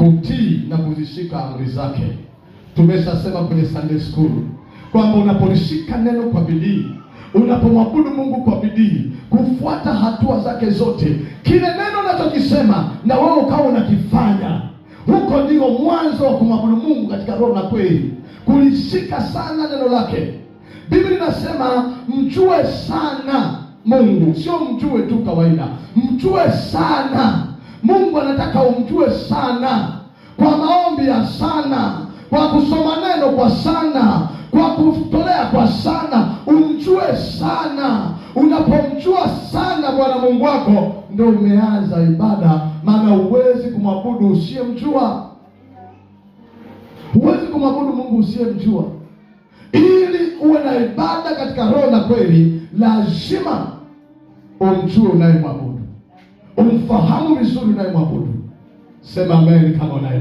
kutii na kuzishika amri zake. Tumeshasema kwenye Sunday school kwamba unapolishika neno kwa bidii, unapomwabudu Mungu kwa bidii, kufuata hatua zake zote, kile neno unachokisema na wewe ukawa unakifanya, huko ndio mwanzo wa kumwabudu Mungu katika roho na kweli, kulishika sana neno lake. Biblia inasema mjue sana Mungu, sio mjue tu kawaida, mjue sana Mungu anataka umjue sana, kwa maombi ya sana, kwa kusoma neno kwa sana, kwa kutolea kwa sana, umjue sana. Unapomjua sana Bwana Mungu wako, ndio umeanza ibada, maana huwezi kumwabudu usiyemjua, huwezi kumwabudu Mungu usiyemjua. Ili uwe na ibada katika roho na kweli, lazima umjue unayemwabudu umfahamu vizuri unayemwabudu. Sema amen kama unaelewa.